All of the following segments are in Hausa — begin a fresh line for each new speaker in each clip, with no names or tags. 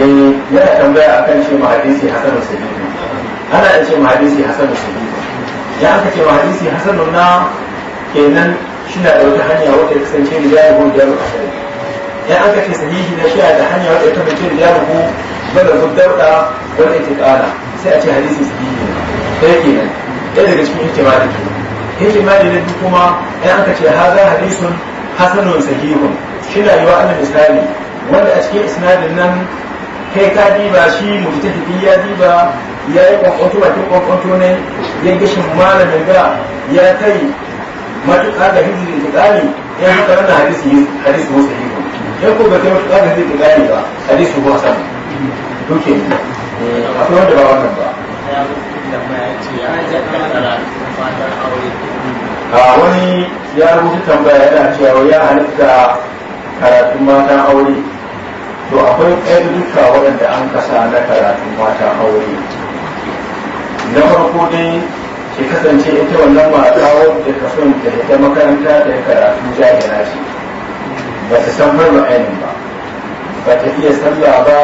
eh yana tambaya akan ce ma hasan sahihi ana da ce ma hadisi hasan sahihi ya aka ce ma hadisi hasan na kenan shi na da wata hanya wata ta kasance da jaruhu da ya aka ce sahihi na shiya da hanya wadda ta kasance da jaruhu bada zubdauda wadda ce kara sai a ce hadisi sahihi ne sai kenan ɗaya daga cikin hikima da ke hikima da na kuma ya aka ce haza hadisun hasanun sahihun shi na yi wa'annan isnadi wanda a cikin isnadin nan kai ka diba shi mujtahidi ya diba ya yi kwakwato bakin kwakwato ne ya gishin malamin ga ya kai matuƙa da hizbin intiƙali ya haka wannan hadisi hadisi ko sahihu ya da hizbin intiƙali ba hadisi ko hasan duke eh, akwai wanda ba wannan ba tambaya ya a wani ya rubuta tambaya yana cewa ya halitta karatun matan aure to akwai ɗan duka waɗanda an kasa na karatun matan aure na farko dai ke kasance ita wannan mata wadda ka son ta ita makaranta ta karatu jahila ce ba ta san har ma'ainin ba ba ta iya sallah ba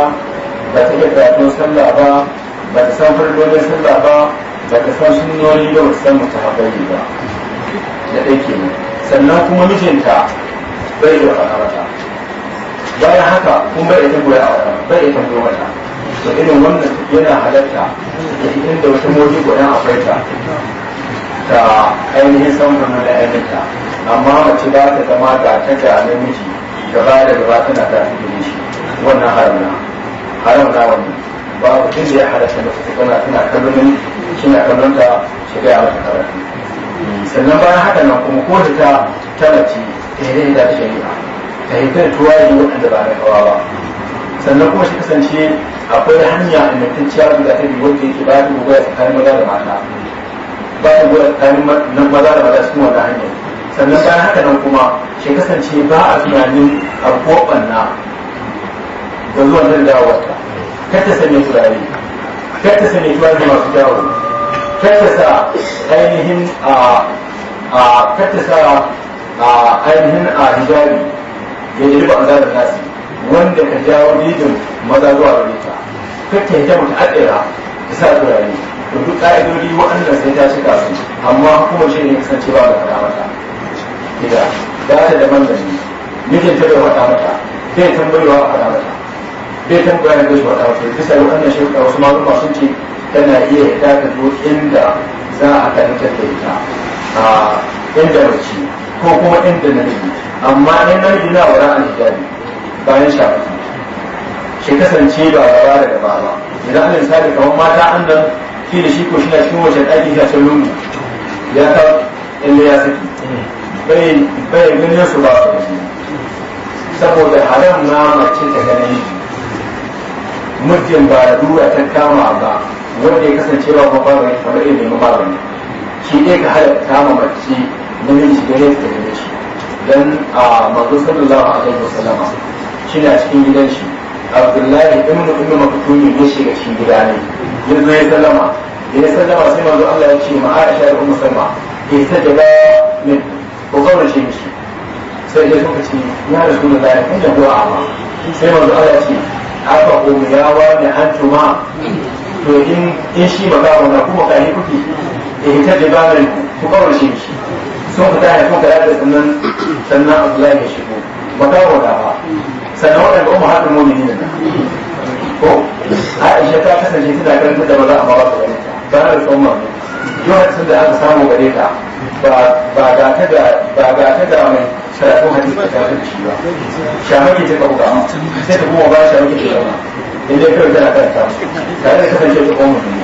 ba ta iya karatun sallah ba ba ta san farkolin sallah ba ba ta san sunnoni ba ba ta san mutahabbai ba da ɗai ne sannan kuma mijinta bai yi wata bayan haka kun bai ita goya a wata bai ita goya wata. to irin wannan yana halatta da idan da wata moji goya akwai ta ta ainihin samun da ainihin ta amma mace ba ta zama da ta ga miji gaba da gaba tana tafi sannan bayan haka nan kuma ko da ta talaci ta yi da shari'a ta yi ta tuwa yi waɗanda ba na kawa ba sannan kuma shi kasance akwai hanya a ingantacciya guda ta biyu wanda yake bayan gobe a tsakanin maza da mata bayan gobe a tsakanin maza da mata cikin wata hanyar sannan bayan haka nan kuma shi kasance ba a tunanin abubuwan ɓanna da zuwan da dawowarta kar ta sanya turare kar ta sanya turare masu dawo tattasa ainihin a tattasa ainihin a hijabi ya yi riba da nasi wanda ka jawo rijin maza zuwa gare ta kakka hijabu ta adira ta sa turare to duk ka'idodi waɗanda sai ta shiga su amma hukumar shi ne kasance ba da faɗa mata gida da ta da manzanni mijinta bai faɗa mata zai tambayewa a faɗa mata bai kan bayanin da shi wata wasu bisa ga wannan shi wata wasu maluma sun ce tana iya ita ta zo inda za a karantar da ita a inda mace ko kuma inda namiji amma in namiji na wara a hijabi bayan shafi shi kasance ba gaba ba daga ba ba. idan an misali kamar mata an nan shi da shi ko shi na cikin wajen ɗaki shi a can lungu ya ta inda ya saki bai ganin su ba su saboda haram na mace ta ganin shi muddin ba dura ta kama ba wanda ya kasance ba mabagani kamar irin mabagani shi ne ka haɗa kama mace namiji da ne ta gane shi dan a manzo sallallahu alaihi wasallama shi na cikin gidan shi abdullahi ibnu ibnu maktumi ya shiga cikin gida ne yanzu ya sallama ya sallama sai manzo Allah ya ce ma Aisha da Ummu Salma ke sajada min ko kawai shi sai ya suka ce ya rasulullahi kun da du'a sai manzo Allah ya ce haka kuma ya wani an tuma to in in shi ba ga wannan kuma ka yi kuki da eh, hitar da babin ku kawar shi shi sun fita ya kuka da sannan sannan Abdullahi ya shigo ba ta wada ba sannan waɗanda umu haɗin mumini ne ko Aisha ta kasance tana ganin da ba za a ba ba ta ba da tsoma lokacin da aka samu gare ta ba ga ta da ba ga ta da mai sharatun hadisi ta ta shi ba shamaki ta kawo gama sai ta kuma ba shamaki ta kawo inda kawai tana karanta tare da kasance ta kuma mutum